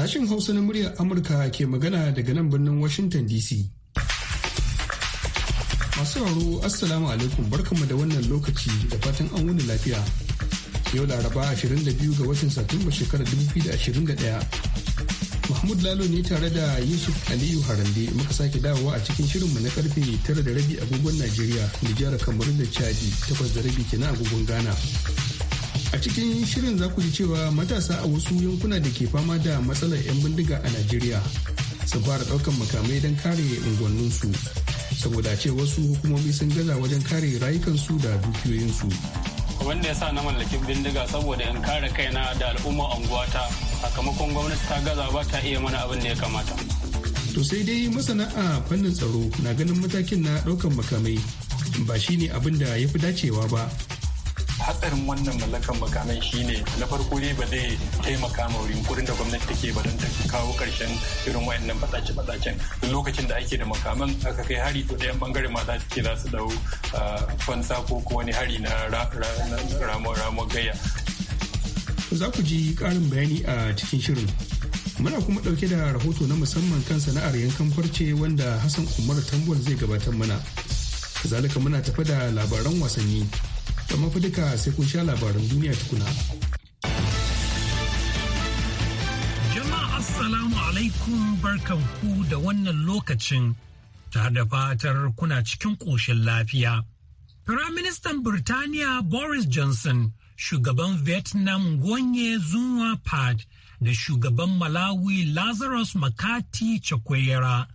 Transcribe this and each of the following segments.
Sashen Hausa na muryar Amurka ke magana daga nan birnin Washington DC. Masu sauraro Assalamu alaikum barkanmu da wannan lokaci da fatan an wuni lafiya. Yau Laraba 22 ga watan Satumba shekarar 2021. Mahmud Lalo ne tare da Yusuf Aliyu Harande muka sake dawowa a cikin shirinmu na karfe 9 da rabi agogon Najeriya, Nijar, Kamaru da Chadi, 8 da rabi kenan agogon Ghana. A cikin shirin za ku ji cewa matasa a wasu yankuna da ke fama da matsalar 'yan bindiga a Najeriya su fara ɗaukan makamai don kare unguwanninsu saboda ce wasu hukumomi sun gaza wajen kare rayukansu da dukiyoyinsu. Wanda ya sa na mallakin bindiga saboda in kare kaina da al'umma unguwata sakamakon gwamnati ta gaza ba ta iya mana abin da ya kamata. To sai dai masana'a fannin tsaro na ganin matakin na ɗaukan makamai ba shi ne abin da ya fi dacewa ba hatsarin wannan mallakar makamai shine na farko dai ba zai taimaka ma yunkurin da gwamnati take ba don ta kawo karshen irin wayannan fadace fadacen lokacin da ake da makaman aka kai hari to ɗayan bangare ma za su ce za su dau ah, fansa ko wani hari na ramon gaya za ku ji karin bayani a cikin shirin muna kuma ɗauke da rahoto na musamman kan sana'ar yankan farce wanda hassan umar tambol zai gabatar mana kazalika muna tafi da labaran wasanni kama fa duka sai kun sha labaran duniya tukuna. Jama'a Assalamu alaikum barkanku da wannan lokacin ta da fatar kuna cikin ƙoshin lafiya. Firaministan Birtaniya Boris Johnson, shugaban Vietnam Gwanye Zunwa Pad da shugaban Malawi Lazarus Makati Chakwera.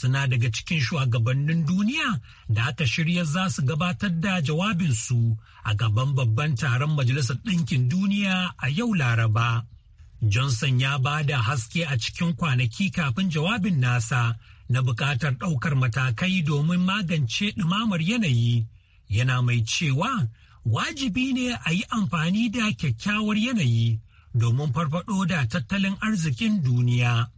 suna daga cikin shugabannin duniya da aka shirya za su gabatar da jawabinsu a gaban babban taron Majalisar Ɗinkin Duniya a yau Laraba. Johnson ya ba da haske a cikin kwanaki kafin jawabin nasa na buƙatar ɗaukar matakai domin magance ɗumamar yanayi. Yana mai cewa wajibi ne a yi amfani da kyakkyawar yanayi domin farfaɗo da tattalin arzikin duniya.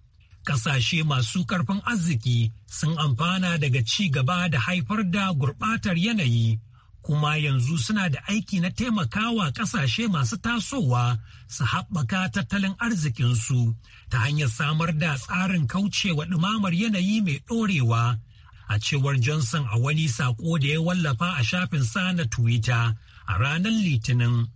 Ƙasashe masu karfin arziki sun amfana daga ci gaba da haifar da gurɓatar yanayi, kuma yanzu suna da aiki na taimakawa ƙasashe masu tasowa su haɓaka tattalin arzikinsu ta hanyar samar da tsarin kaucewa ɗumamar yanayi mai ɗorewa. A cewar Johnson a wani saƙo da ya wallafa a shafin sa na Twitter a ranar Litinin.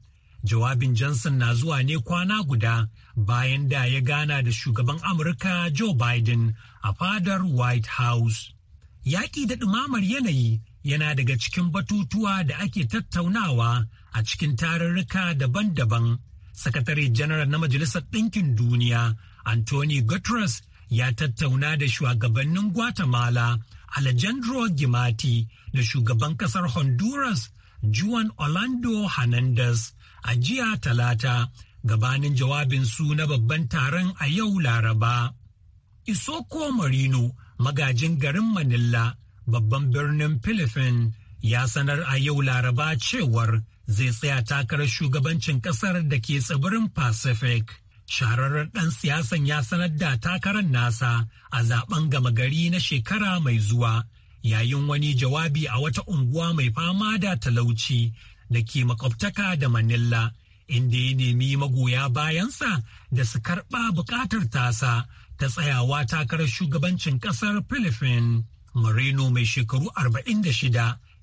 Jawabin Johnson na zuwa ne kwana guda bayan da ya gana da shugaban Amurka Joe Biden a fadar White House. Yaƙi da ɗumamar yanayi yana daga cikin batutuwa da ake tattaunawa a cikin tarurruka daban-daban. Sakatare Janar na Majalisar Ɗinkin Duniya, Anthony Guterres ya tattauna da shugabannin Guatemala, Alejandro Gimati da shugaban ƙasar Honduras, Juan Orlando Hernandez. a jiya talata gabanin jawabinsu na babban taron a yau laraba. Isoko Marino magajin garin Manila babban birnin Filifin ya sanar a yau laraba cewar zai tsaya takarar shugabancin kasar da ke tsibirin Pacific. Shahararren ɗan siyasan ya sanar da takarar nasa a zaben gama gari na shekara mai zuwa yayin wani jawabi a wata unguwa mai fama da talauci da ke makwabtaka da Manila, inda ya nemi magoya bayansa da su karɓa buƙatar tasa ta tsayawa takarar shugabancin ƙasar Philippines. Moreno mai shekaru 46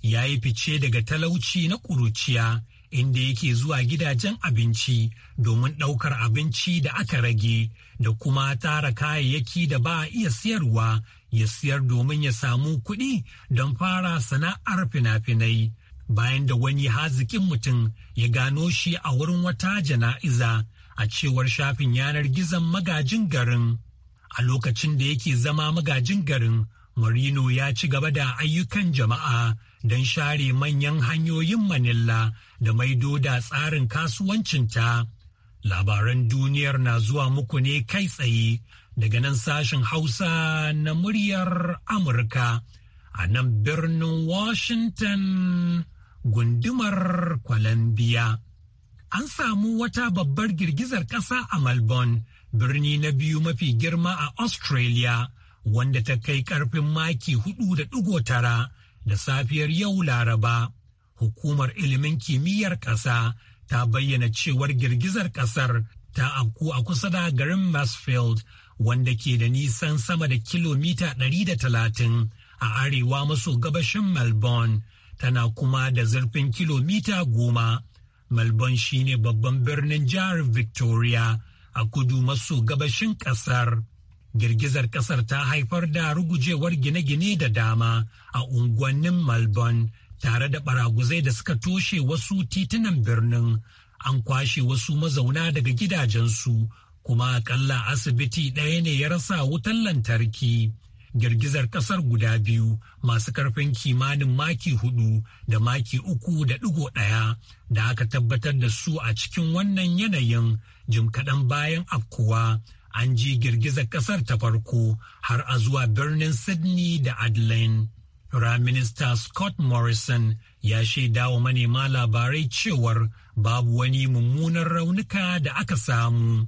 ya yi fice daga talauci na ƙuruciya inda yake zuwa gidajen abinci domin ɗaukar abinci da aka rage da kuma tara kayayyaki da ba a iya siyarwa ya siyar domin ya samu kuɗi don fara sana'ar fina-finai. bayan da wani haziƙin mutum ya gano shi a wurin wata jana'iza a cewar shafin yanar gizon magajin garin. A lokacin da yake zama magajin garin, Marino ya ci gaba da ayyukan jama'a don share manyan hanyoyin Manila da maido da tsarin kasuwancinta. Labaran duniyar na zuwa muku ne kai tsaye daga nan sashen Hausa na muryar Amurka a nan birnin Washington. gundumar Columbia. An samu wata babbar girgizar ƙasa a Melbourne, birni na biyu mafi girma a Australia, wanda ta kai ƙarfin maki hudu da ɗigo tara da safiyar yau Laraba. Hukumar ilimin kimiyyar ƙasa ta bayyana cewar girgizar ƙasar ta afku a kusa da garin Mansfield, wanda ke da nisan sama da kilomita 130 a arewa maso gabashin Melbourne. tana kuma da zurfin kilomita goma. Melbourne shine babban birnin jihar Victoria a kudu maso gabashin ƙasar. Girgizar ƙasar ta haifar da rugujewar gine-gine da dama a unguwannin Malbon, tare da baraguzai da suka toshe wasu titunan birnin. An kwashe wasu mazauna daga gidajensu kuma akalla asibiti ɗaya ne ya rasa wutan lantarki. girgizar kasar guda biyu masu karfin kimanin maki hudu da maki uku da digo ɗaya da aka tabbatar da su a cikin wannan yanayin jim kaɗan bayan afkuwa an ji girgizar kasar ta farko har a zuwa birnin sydney da Adeline. Prime Minister Scott Morrison ya shaida wa manema labarai cewar babu wani mummunan raunuka da aka samu.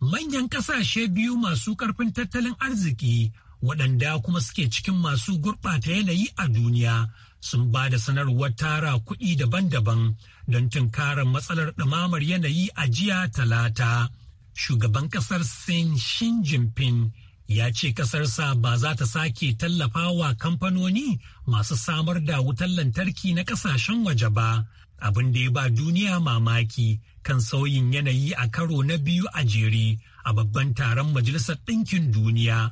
Manyan kasashe biyu masu karfin tattalin arziki waɗanda kuma suke cikin masu gurɓata yanayi a duniya sun ba da sanarwar tara kuɗi daban-daban don tunkarar matsalar ɗumamar yanayi a jiya talata. Shugaban ƙasar Sin Shin Jinping ya ce ƙasarsa ba za ta sake tallafawa kamfanoni masu samar da wutar lantarki na ƙasashen waje ba, abin da ya ba duniya mamaki kan sauyin yanayi a karo na biyu a jere a babban taron Majalisar Ɗinkin Duniya.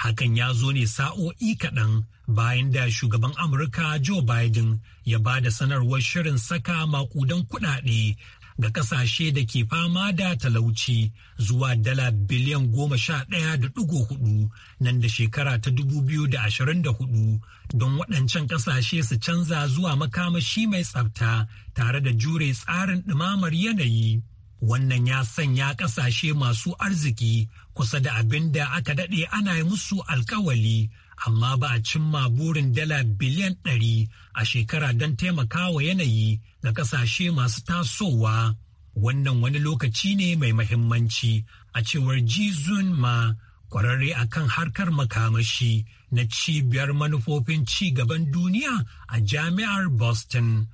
Hakan ya zo ne sa'o'i kaɗan bayan da shugaban Amurka Joe Biden ya ba da sanarwar shirin saka makudan kuɗaɗe ga ƙasashe da ke fama da talauci zuwa dala biliyan goma sha ɗaya da ɗigo hudu nan da shekara ta dubu biyu da ashirin da hudu don waɗancan ƙasashe su canza zuwa makamashi mai tsafta tare da jure tsarin ɗumamar yanayi. Wannan ya sanya ƙasashe masu arziki kusa da abin da aka daɗe ana yi musu alkawali, amma ba a cimma burin dala biliyan ɗari a shekara don taimakawa yanayi ga ƙasashe masu tasowa. Wannan wani lokaci ne mai mahimmanci a cewar Jizun ma kwararre a kan harkar makamashi na cibiyar manufofin ci gaban duniya a jami'ar Boston.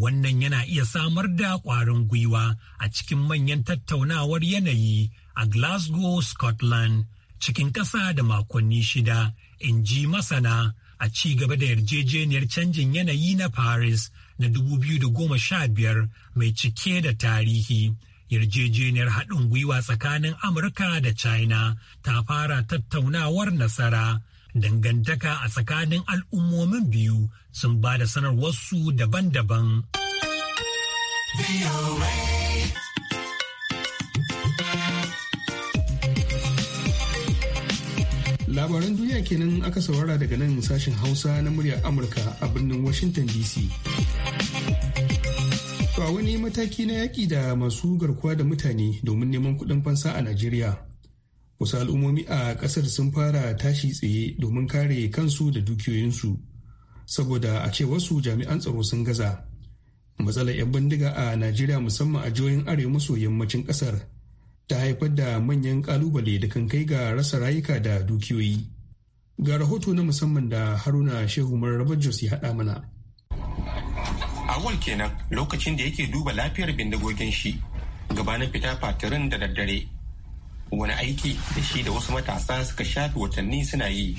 Wannan yana iya samar da ƙwarin gwiwa a cikin manyan tattaunawar yanayi a Glasgow, Scotland, cikin ƙasa da makonni shida, in ji masana a ci gaba da yarjejeniyar canjin yanayi na Paris na 2015 mai cike da tarihi. yarjejeniyar haɗin gwiwa tsakanin amurka da china ta fara tattaunawar nasara dangantaka a tsakanin al'ummomin biyu sun ba da sanarwarsu daban-daban. Labaran duniya kenan aka saurara daga nan sashen Hausa na muryar Amurka a birnin Washington DC. Ba wani mataki na yaƙi da masu garkuwa da mutane domin neman kuɗin fansa a Najeriya. wasu al'ummomi a kasar sun fara tashi tsaye domin kare kansu da dukiyoyinsu saboda a ce wasu jami'an tsaro sun gaza matsalar 'yan bindiga a najeriya musamman a jihohin arewa maso yammacin kasar ta haifar da manyan kalubale da kan kai ga rasa rayuka da dukiyoyi ga rahoto na musamman da haruna shehu mararrabar jos ya haɗa mana awal kenan lokacin da yake duba lafiyar bindigogin shi gabanin fita fatirin da daddare wani aiki da shi da wasu matasa suka shafe watanni suna yi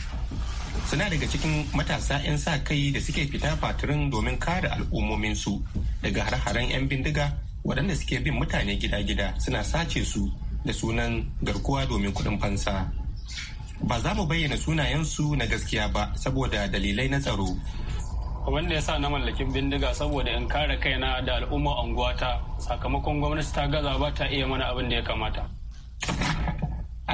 suna daga cikin matasa 'yan sa kai da suke fita fatirin domin kare al'ummominsu daga har-haren 'yan bindiga waɗanda suke bin mutane gida-gida suna sace su da sunan garkuwa domin kuɗin fansa ba za mu bayyana sunayensu na gaskiya ba saboda dalilai na tsaro wanda ya sa na mallakin bindiga saboda in kare kai na da al'umma unguwata sakamakon gwamnati ta gaza ba ta iya mana abin da ya kamata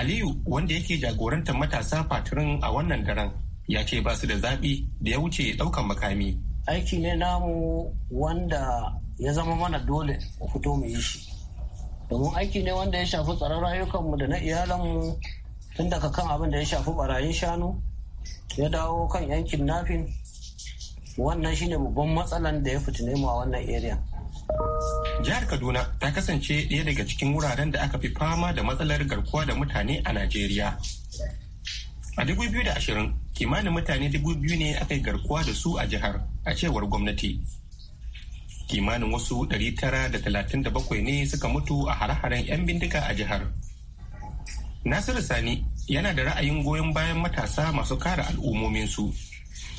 aliyu wanda yake jagorantar matasa fatirin a wannan daren ya ce ba su da zaɓi da ya wuce ɗaukan makami aiki ne namu wanda ya zama mana dole a fito mu yi shi domin aiki ne wanda ya shafi tsaron rayukanmu da na iyalanmu tun daga kan abin da ya shafi barayin shanu ya dawo kan yankin nafin wannan shine babban matsalan da ya fitine mu a wannan area Jihar Kaduna ta kasance ɗaya daga cikin wuraren da aka fi fama da matsalar garkuwa da mutane a Najeriya. A 2020 kimanin mutane 2000 ne aka yi garkuwa da su a jihar a cewar gwamnati. Kimanin wasu 937 ne suka mutu a hare-haren 'yan bindiga a jihar. Nasiru Sani yana da ra'ayin goyon bayan matasa masu kare al'ummominsu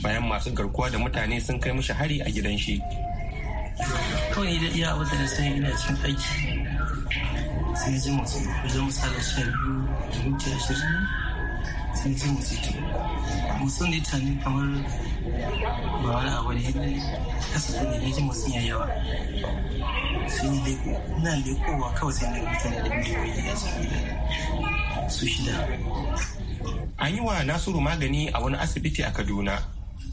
bayan masu garkuwa da mutane sun kai mashi hari a gidan shi. kawai ni da iya abin da na sani cikin aiki sai ji masu wajen misali sha biyu da minti ashirin sai ji masu ito musu ne tani kamar ba wani abu ne ne kasa ne ne ji masu yayawa sai ni leko ina lekowa kawai sai na mutane da miliyoyi a cikin gida su shida an yi wa nasiru magani a wani asibiti a kaduna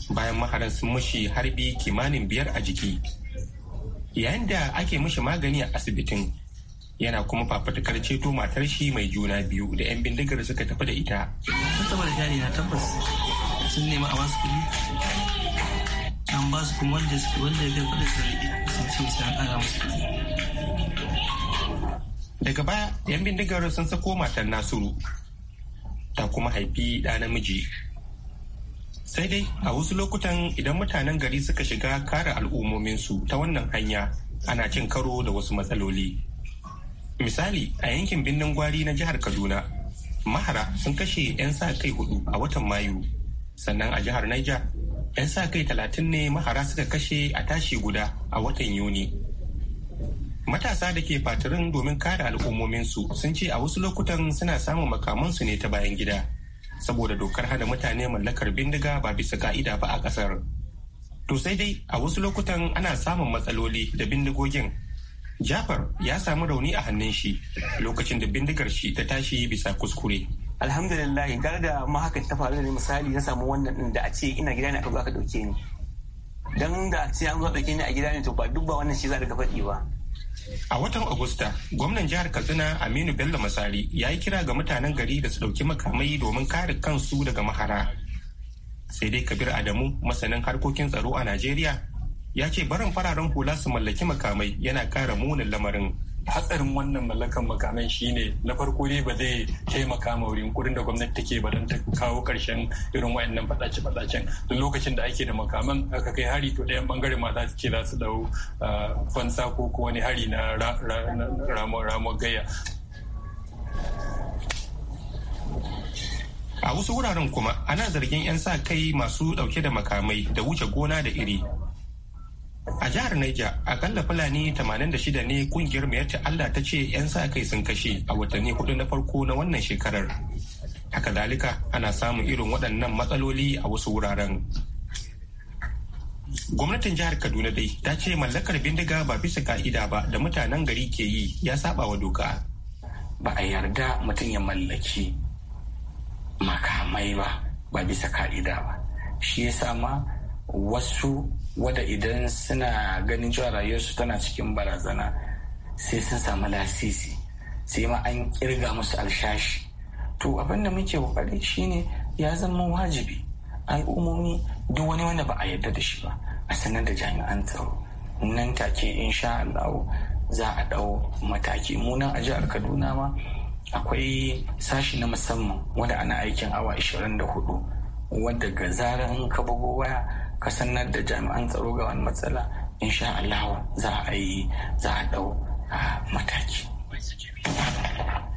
bayan maharan sun mashi harbi kimanin biyar a jiki yayin da ake mishi magani a asibitin yana kuma fafatakar ceto matar shi mai juna biyu da 'yan bindigar suka tafi da ita. Mutum da jari na tabbas sun nemi a wasu kuɗi. An ba su kuma wanda wanda ya karɓi da sun ce su an ƙara musu kuɗi. Daga baya 'yan bindigar sun sako matar Nasiru ta kuma haifi ɗa namiji sai dai a wasu lokutan idan mutanen gari suka shiga kare al'ummominsu ta wannan hanya ana cin karo da wasu matsaloli misali a yankin birnin gwari na jihar kaduna mahara sun kashe 'yan sa kai hudu a watan mayu sannan a jihar niger 'yan sa kai talatin ne mahara suka kashe a tashi guda a watan yuni matasa da ke fatirin domin kare al'ummominsu sun ce a wasu lokutan suna samun makamansu ne ta bayan gida saboda dokar hana mutane mallakar bindiga ba bisa ka'ida ba a kasar. To sai dai a wasu lokutan ana samun matsaloli da bindigogin. Jafar ya samu rauni a hannun shi lokacin da bindigar shi ta tashi bisa kuskure. Alhamdulillah gar da ma ta faru ne misali na samu wannan din da a ce ina gida ne aka zo aka dauke ni. Dan da a ce an zo dauke ni a gida ne to ba duk ba wannan shi za a faɗi ba. A watan Agusta, gwamnan jihar Katsina Aminu Bello Masari ya yi kira ga mutanen gari da su ɗauki makamai domin kare kansu daga mahara. Sai dai Kabir Adamu, masanin harkokin tsaro a Najeriya, ya ce barin fararen hula su mallaki makamai yana kara munin lamarin. hatsarin wannan mallakan makaman shine na farko dai ba zai taimaka ma yunkurin da gwamnati take ba don ta kawo karshen irin wayannan fadace fadacen da lokacin da ake da makaman aka kai hari to ɗayan bangare ma za su ce za su dau ah, fansa ko wani hari na ramon gaya a wasu wuraren kuma ana zargin 'yan sa kai masu dauke da makamai da wuce gona da iri A jihar Niger, akalla Fulani 86 ne kungiyar mayar Allah ta ce 'yan sa kai sun kashe a watanni hudu na farko na wannan shekarar. Haka dalika ana samun irin waɗannan matsaloli a wasu wuraren. Gwamnatin jihar Kaduna dai ta ce mallakar bindiga ba bisa ka'ida ba da mutanen gari ke yi ya saba wa doka. Ba a yarda mutum ya mallaki makamai ba ba bisa ka'ida ba. Shi ya sama wasu wadda idan suna ganin cewa rayuwarsu tana cikin barazana sai sun samu lasisi sai ma an kirga musu alshashi to abin da muke kokari shine ya zama wajibi al'ummomi duk wani wanda ba a yarda da shi ba a sanar da jami'an tsaro nan take insha Allah za a dau mataki munan a jihar Kaduna ma akwai sashi na musamman wanda ana aikin awa 24 wanda ga zarar in ka bugo waya ka sanar da jami'an tsaro ga wani matsala insha Allah za a yi za a dau mataki.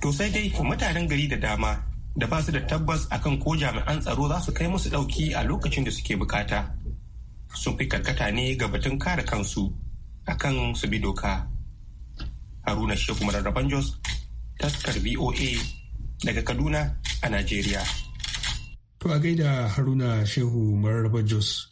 To sai dai mutanen gari da dama da ba su da tabbas akan ko jami'an tsaro za su kai musu ɗauki a lokacin da suke bukata. Sun fi karkata ne ga batun kare kansu akan su bi doka. Haruna Shehu Mararraban Jos, taskar VOA daga Kaduna a Najeriya. To a gaida Haruna Shehu Mararraban Jos.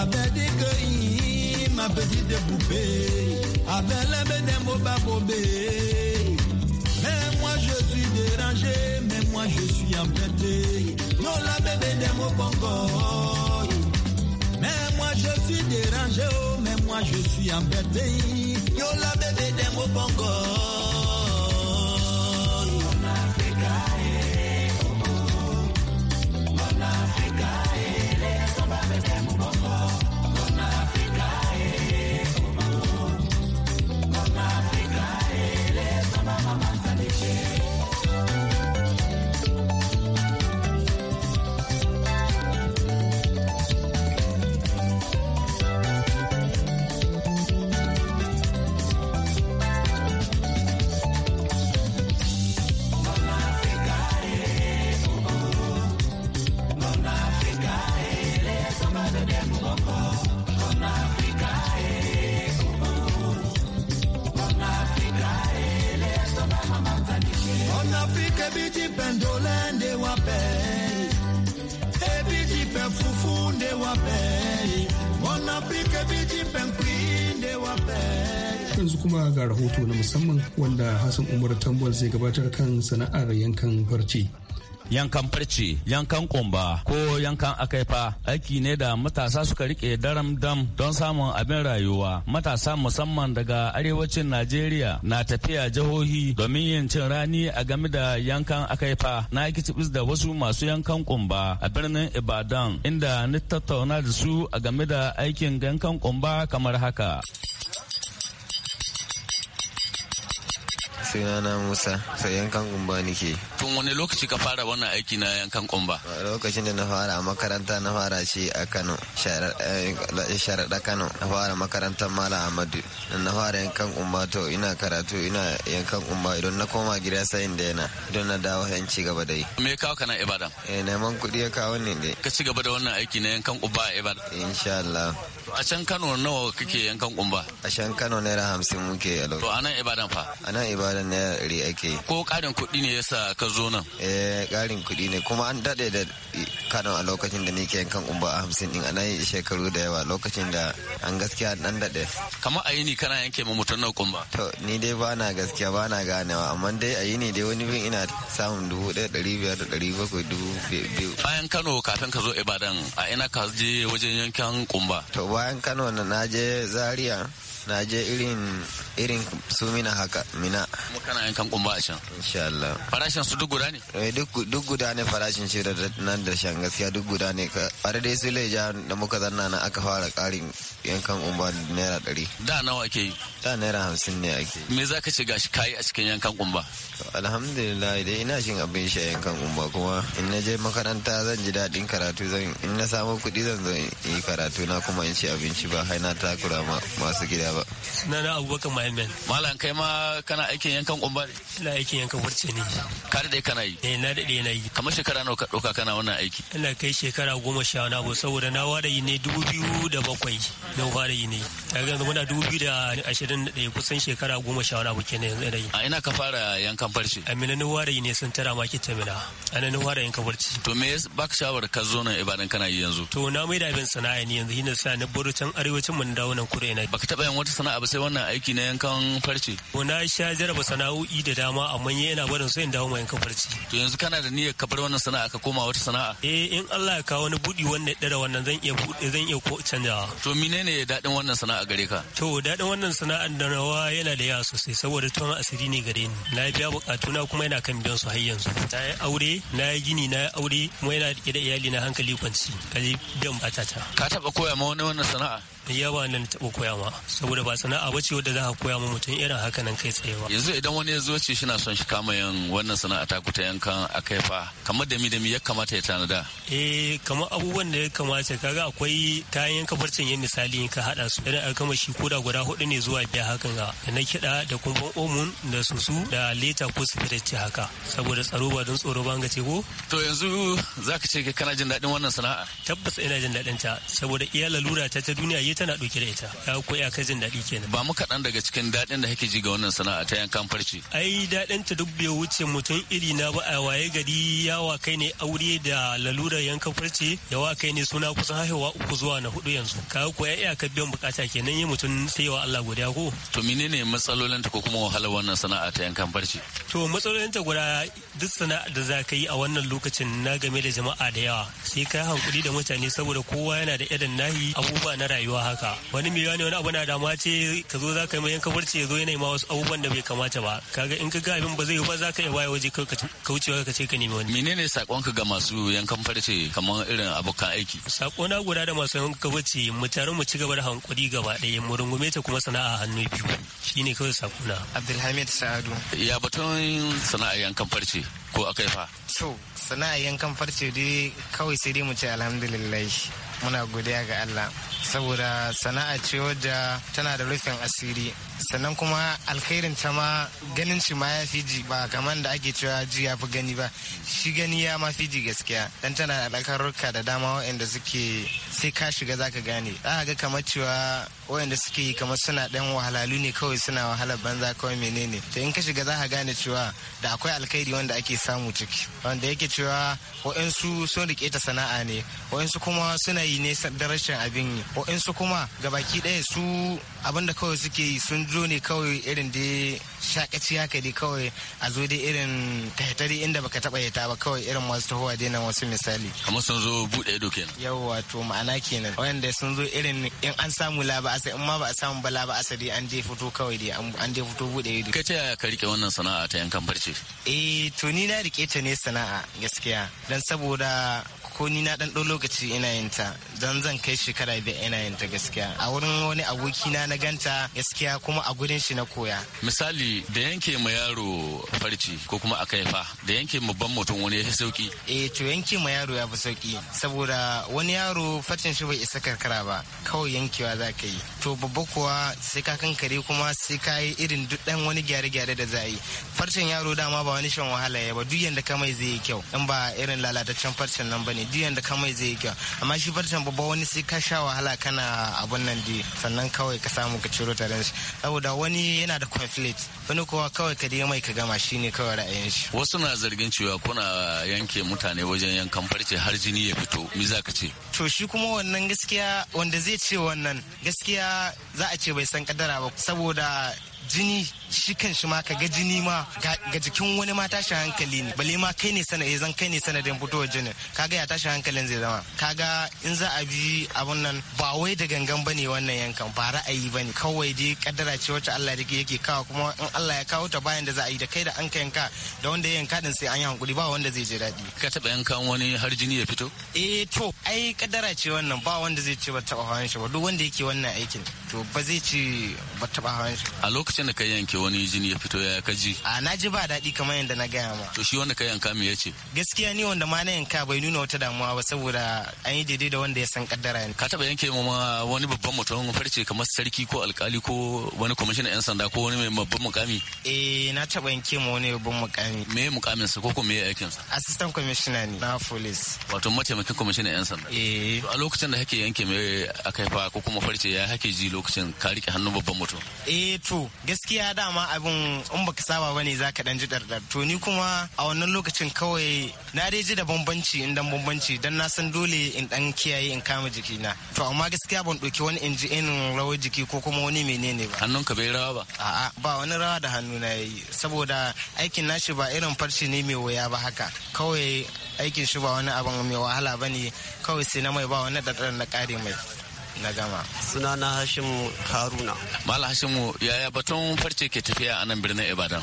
avec des ma petite poupée, avec les bénémots babobés. Mais moi je suis dérangé, mais moi je suis embêté. Non, la bébé des mots bongo. Mais moi je suis dérangé, oh, mais moi je suis embêté. Yo la bébé des mots bongo. yanzu kuma ga rahoto na musamman wanda hassan umar tambol zai gabatar kan sana'ar yankan farce yankan farce yankan kumba ko yankan akaifa aiki ne da matasa suka rike daram dam don samun abin rayuwa matasa musamman daga arewacin najeriya na tafiya jihohi domin yin cin rani a game da yankan akaifa na kicibis da wasu masu yankan kumba a birnin ibadan inda ni tattauna da su a game da aikin yankan kumba kamar haka na musa sai yankan kumba nake tun wani lokaci ka fara wannan aiki na yankan kumba lokacin da na fara a makaranta na fara ce a kano eh, sharaɗa kano na fara makarantar mala amadu na fara yankan kumba to ina karatu ina yankan kumba idan na koma gida sayin da yana idan na dawo yan ci gaba da yi me kawo kana ibadan eh neman kuɗi ya kawo ne ne ka ci gaba da wannan aiki na yankan kumba a ibadan insha Allah a can kano nawa kake yankan kumba a can kano naira hamsin muke a to anan ibadan fa a ibadan naira ɗari ake ko ƙarin kuɗi ne yasa ka zo nan eh ƙarin kuɗi ne kuma an daɗe da kano a lokacin da nake yankan kumba a hamsin din a shekaru da yawa lokacin da an gaskiya an daɗe kamar a yi ni kana yanke ma mutan na kumba to ni dai ba na gaskiya ba na ganewa amma dai a yi ni dai wani bin ina samun dubu ɗaya ɗari biyar da ɗari bakwai dubu biyu bayan kano kafin ka zo ibadan a ina ka je wajen yankan kumba to ba bayan kano na je zaria na je irin irin su mina haka mina kuma kana yankan kumba a can insha Allah farashin su duk guda ne eh duk guda ne farashin shi da nan da shan gaskiya duk guda ne fara dai su leja da muka zanna na aka fara karin yankan kumba naira 100 da nawa ake yi da naira 50 ne ake me za ka ce gashi kai a cikin yankan kumba alhamdulillah dai ina shin abin sha yankan kumba kuma in na je makaranta zan ji daɗin karatu zan in na samu kuɗi zan zo yi karatu na kuma in ci abinci ba haina takura masu gida ba na na abubakar mai Ahmed. Malam kai ma kana aikin yankan kumba ne? Ina aikin yankan wurce ne. Ka daɗe kana yi? Eh na daɗe na yi. Kamar shekara nawa ka ɗauka kana wannan aiki? Ina kai shekara goma sha na abu saboda na ware yi ne dubu biyu da bakwai na ware yi ne. Ta yanzu muna dubu biyu da ashirin da ɗaya kusan shekara goma sha na abu kenan yanzu yi. A ina ka fara yankan farce? A mina ware yi ne sun tara maki ta mina. A nan ware yankan farce. To me ba ka shawar ka zo nan Ibadan kana yi yanzu? To na mai da abin sana'a ne yanzu shi sa na baro can arewacin mun dawo nan kudu ina. Baka taɓa yin wata sana'a ba sai wannan aiki ne yankan farce? Ko na sha jaraba sana'o'i da dama amma yana barin so in dawo ma yankan farce. To yanzu kana da niyyar ka bar wannan sana'a ka koma wata sana'a? Eh in Allah ya kawo wani budi wannan dare wannan zan iya zan iya ko canjawa. To menene daɗin wannan sana'a gare ka? To daɗin wannan sana'ar da rawa yana da yawa sosai saboda tun asiri ne gare ni. Na biya na kuma yana kan biyan su har yanzu. Na yi aure, na yi gini, na yi aure kuma yana da iyali na hankali kwanci. Kaji biyan batata. Ka taɓa koya ma wani wannan sana'a? yawa nan taɓa koya ma saboda ba sana'a ba ce wadda za ka koya ma mutum irin haka nan kai tsaye ba yanzu idan wani ya zo ce shi na son shi kama yin wannan sana'a ta kuta yankan kai fa kamar da mi da mi ya kamata ya tanada eh kamar abubuwan da ya kamata kaga akwai kayan yanka farcen yin misali ka hada su irin shi koda guda hudu ne zuwa biyar hakan ga da na kiɗa da kumban omun da susu da leta ko sigaretti haka saboda tsaro ba don tsoro ba ce ko to yanzu zaka ce kana jin daɗin wannan sana'a tabbas ina jin daɗin ta saboda iya lalura ta ta duniya je tana ɗauke da ita ya ya kai jin daɗi kenan ba mu kaɗan daga cikin daɗin da kake ji ga wannan sana'a ta yankan farce ai daɗin ta duk bai wuce mutum iri na ba a waye gari ya wa kai ne aure da lalura yankan farce yawa kai ne suna kusan haihuwa uku zuwa na hudu yanzu ka koya iyakar biyan bukata kenan yi mutum sai wa Allah godiya ko to menene matsalolin ta ko kuma wahalar wannan sana'a ta yankan farce to matsalolin ta guda duk sana'a da za ka yi a wannan lokacin na game da jama'a da yawa sai ka hankuli da mutane saboda kowa yana da irin nahi abubuwa na rayuwa ba haka wani mai wani wani abu na damuwa ce ka zo za ka yi yanka barci ya zo yana ma wasu abubuwan da bai kamata ba kaga in ka ga abin ba zai yi ba za ka yi waye waje kaucewa ka ce ka nemi wani menene sakonka ga masu yankan farce kamar irin abokan aiki sako na guda da masu yankan barci mu tare mu ci gaba da hankuri gaba ɗaya mu rungume ta kuma sana'a hannu biyu shine kawai sakona abdulhamid sa'adu ya batun sana'a yankan farce ko yi fa to sana'a yankan farce dai kawai sai dai mu ce alhamdulillah muna godiya ga Allah saboda sana'a ce wadda tana da rufin asiri sannan kuma alkhairin ta ma ganin shi ma ya fiji ba kamar da ake cewa ji ya fi gani ba shi gani ya ma fiji gaskiya dan tana da alkarurka da dama waɗanda suke sai ka shiga zaka gane za ga kamar cewa wayanda suke yi kamar suna dan wahalalu ne kawai suna wahala banza kawai menene to in ka shiga za ka gane cewa da akwai alkhairi wanda ake samu ciki wanda yake cewa wa'insu sun rike ta sana'a ne wa'insu kuma suna yi ne da rashin abin yi wa'insu kuma gabaki ɗaya su abinda kawai suke yi sun zo ne kawai irin da shakaci haka dai kawai a zo dai irin tahitari inda baka taba yata ba kawai irin masu tahowa dai nan wasu misali kamar sun zo buɗe ido kenan yawa to ma'ana kenan wanda sun zo irin in an samu laba asali in ma ba a samu bala ba asali an je fito kawai dai an je fito bude ido kace yaya ka rike wannan sana'a ta yankan farce eh to ni na rike ta ne sana'a gaskiya dan saboda ko ni na dan lokaci ina yin ta dan zan kai shekara biyar ina yin ta gaskiya a wurin wani aboki na na ganta gaskiya kuma a gurin shi na koya misali da yanke ma yaro farci ko kuma a kai fa da yanke ma ban mutum wani ya fi sauki eh to yanke ma yaro ya fi sauki saboda wani yaro farcin shi bai isa karkara ba kawai yankewa za ka yi to babba kuwa sai ka kankare kuma sai ka yi irin duk dan wani gyare-gyare da za yi farcin yaro dama ba wani shan wahala ya ba duk yanda ka mai zai yi kyau in ba irin lalataccen farcen nan ba ne bidiyon da kamai zai yi kyau amma shi farcen babba wani sai ka sha wahala kana abun nan di sannan kawai ka samu ka ciro ta shi saboda wani yana da conflict wani kowa kawai ka dai mai ka gama ne kawai ra'ayin shi wasu na zargin cewa kuna yanke mutane wajen yankan farce har jini ya fito mi za ka ce to shi kuma wannan gaskiya wanda zai ce wannan gaskiya za a ce bai san kadara ba saboda jini shi kan shi ma ka ga jini ma ga jikin wani ma tashi hankali ne bale ma kai ne sanadin eh, zan kai ne sanadin fitowar jinin kaga ya tashi hankalin zai zama kaga in za a bi abun nan ba wai da gangan bane wannan yankan ba ra'ayi bane kawai dai kaddara ce wacce Allah yake yake kawo kuma in Allah ya kawo ta bayan da za a yi da kai da an ka yanka da wanda ya yanka din sai an yi hankuli ba wanda zai je daɗi ka taba yankan wani har jini ya fito eh to ai kaddara ce wannan ba wanda zai ce ba taba hawan shi ba duk wanda yake wannan aikin to ba zai ce ba taba hawan shi a lokacin lokacin na ka yanke wani jini ya fito ya kaji a na ji ba daɗi kamar yadda na gaya ma to shi wanda ka yanka me yace gaskiya ni wanda ma na yanka bai nuna wata damuwa ba saboda an yi daidai da wanda ya san kaddara ne ka taba yanke ma wani babban mutum farce kamar sarki ko alkali ko wani kwamishinan yan sanda ko wani mai babban mukami eh na taba yanke ma wani babban mukami me mukamin sa ko ko me aikin sa assistant commissioner ne na police wato mataimakin kwamishinan yan sanda eh a lokacin da kake yanke me aka fa ko kuma farce ya hake ji lokacin ka rike hannun babban mutum eh to gaskiya dama abin in baka saba ba ne zaka dan ji dardar to ni kuma a wannan lokacin kawai na dai ji da bambanci in dan bambanci dan na san dole in dan kiyaye in kama jikina to amma gaskiya ban ɗauki wani in rawar jiki ko kuma wani menene ba hannunka bai rawa ba a'a ba wani rawa da hannu na yayi saboda aikin nashi ba irin farce ne mai wuya ba haka kawai aikin shi ba wani abin mai wahala bane kawai sai na mai ba wani dardar na kare mai na gama suna na hashim haruna mala hashimu yaya batun farce ke tafiya a nan birnin ibadan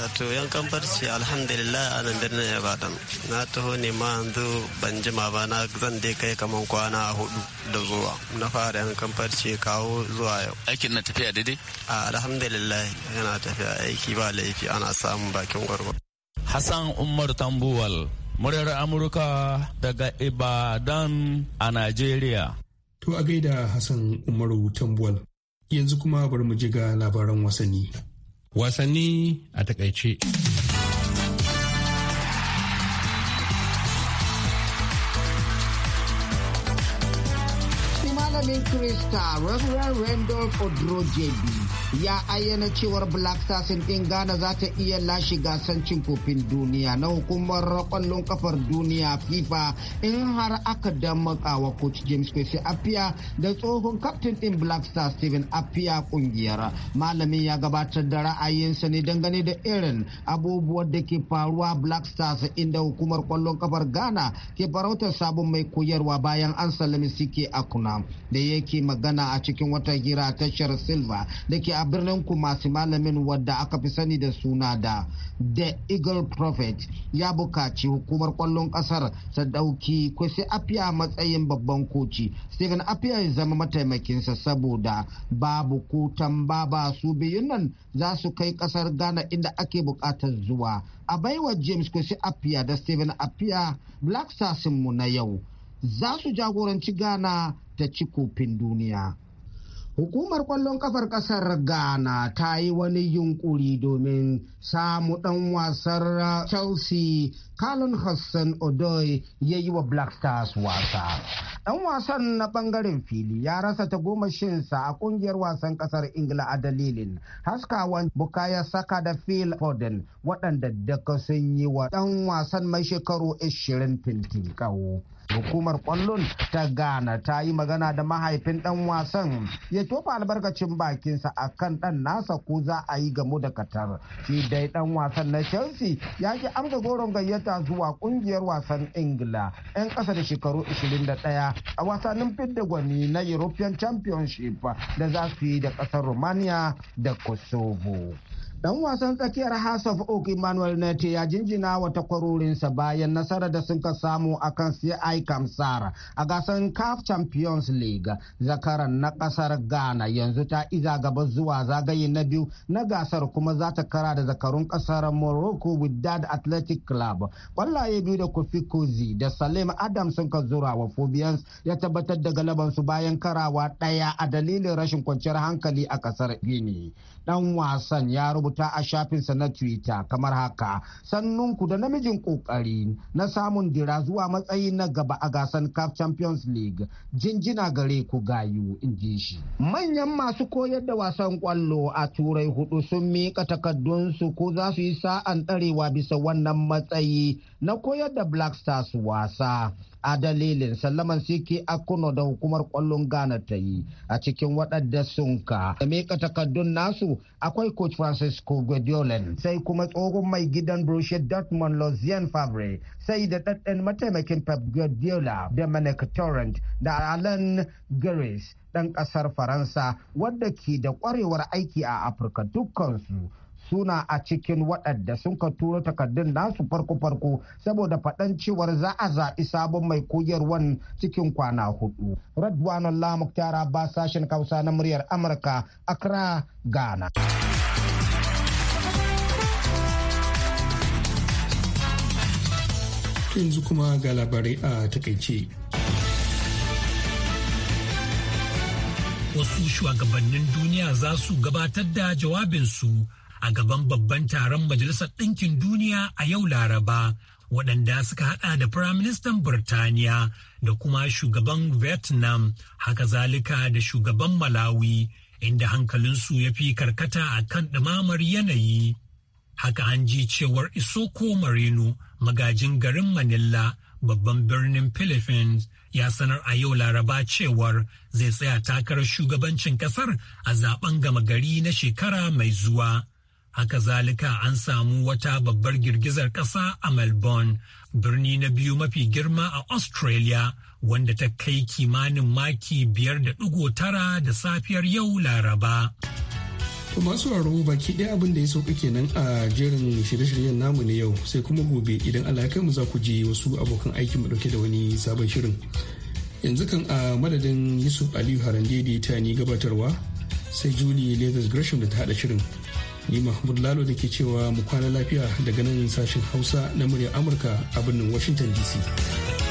wato yankan farce alhamdulillah a nan birnin ibadan na taho ne ma yanzu ban jima ba na zan dai kai kaman kwana hudu da zuwa na fara yankan farce kawo zuwa yau aikin na tafiya daidai a alhamdulillah yana tafiya aiki ba laifi ana samun bakin gwargwaro hassan umar tambuwal muryar amurka daga ibadan a najeriya To a gaida Hassan Umaru Tambuwal. Yanzu kuma bari mu je ga labaran wasanni. Wasanni a takaice. Malamin Krista, Reverend Randolph Odrojebi. ya ayyana cewar black stars ɗin ghana za ta iya lashe gasar cin kofin duniya na hukumar kwallon kafar duniya fifa in har aka damaka wa coach james kwesi apia da tsohon kaftin ɗin black stars steven apia kungiyar malamin ya gabatar da ra'ayinsa ne dangane da irin abubuwan da ke faruwa black stars inda hukumar kwallon kafar ghana ke farautar sabon mai koyarwa bayan an sallami suke akuna da yake magana a cikin wata hira tashar silva da ke a birnin kumasi malamin wadda aka fi sani da suna da the eagle prophet ya bukaci hukumar kwallon kasar ta dauki kwasi afiya matsayin babban koci stephen afiya ya zama mataimakinsa saboda babu kutan ba su biyun nan za su kai kasar ghana inda ake bukatar zuwa a baiwa james kwasi afiya da stephen afiya black mu na yau za su jagoranci ghana ta ci kofin duniya Hukumar kwallon kafar kasar Ghana ta yi wani yunkuri domin samu ɗan wasan Chelsea kalon Hassan Odoi ya yi wa Black Stars wasa. Ɗan wasan na ɓangaren fili ya rasa ta gomashinsa a ƙungiyar wasan ƙasar Ingila a dalilin haskawan Bukaya Saka da Phil Foden waɗanda daga sun yi wa ɗan wasan mai shekaru 20 fintin kawo. hukumar kwallon ta ghana ta yi magana da mahaifin dan wasan ya tofa albarkacin bakinsa a kan dan nasa ko za a yi gamu da katar shi dai dan wasan na chelsea ya ki amsa goron gayyata zuwa kungiyar wasan ingila 'yan kasa da shekaru 21 a wasannin fidda gwani na european championship da za su yi da kasar romania da kosovo Dan wasan tsakiyar House of Oak Emmanuel Nete ya jinjina wa takwarorinsa bayan nasarar da sun ka samu a kan CI Kamsar a gasar CAF Champions League. Zakaran na kasar Ghana yanzu ta iza gaba zuwa zagaye na biyu na gasar kuma za ta kara da zakarun kasar Morocco Wydad Athletic Club. Kwallaye biyu da Kofi Kozi da Salim Adam sun ka zura wa Fobians ya tabbatar da galabansu bayan karawa ɗaya a dalilin rashin kwanciyar hankali a kasar Guinea. dan wasan ya rubuta a shafinsa na twitter kamar haka sannunku da namijin kokari na samun dira zuwa matsayi na gaba a gasan caf champions league jinjina gare ku gayu in shi manyan masu koyar da wasan kwallo a turai hudu sun miƙa takardunsu ko za su yi sa'an tsarewa bisa wannan matsayi na koyar da black stars wasa a dalilin sallaman siki akuno da hukumar kwallon ghana ta yi a cikin waɗanda sun ka da mika takardun nasu akwai coach francisco guardiolan sai kuma tsohon mai gidan borussia dortmund lucien favre sai da ɗanɗan mataimakin pep guardiola dominic torrent da alan gares ɗan ƙasar faransa wadda ke da ƙwarewar aiki a afirka dukkansu suna a cikin waɗanda sun ka turo takardun nasu farko-farko saboda faɗan cewar za a zaɓi sabon mai koyarwan cikin kwana hudu. Radwan Allah Muktara ba sashen kausa na muryar Amurka, Accra, Ghana. Yanzu kuma ga labarai a takaice. Wasu shugabannin duniya za su gabatar da jawabinsu a gaban babban taron Majalisar Ɗinkin Duniya a yau Laraba, waɗanda suka haɗa da Firaministan Birtaniya da kuma shugaban Vietnam, haka zalika da shugaban Malawi, inda hankalinsu ya fi karkata a kan ɗumamar yanayi. Haka an ji cewar Isoko Marino, magajin garin Manila, babban birnin Philippines, ya sanar a yau laraba cewar zai tsaya takarar shugabancin ƙasar a zaben gama gari na shekara mai zuwa. Haka zalika an samu wata babbar girgizar ƙasa a Melbourne, birni na biyu mafi girma a Australia, wanda ta kai kimanin maki biyar da ɗigo tara da safiyar yau Laraba. To masu raro baki ɗaya abin da ya sauka kenan a jerin shirye-shiryen namu na yau sai kuma gobe idan alakai ya mu za ku je wasu abokan aiki mu ɗauke da wani sabon shirin. Yanzu kan a madadin Yusuf Aliyu Harande da ta ni gabatarwa sai Julie Leathers Gresham da ta haɗa shirin. ni mahmud lalo da ke cewa mu kwana lafiya daga nan sashen hausa na muryar amurka a birnin washington dc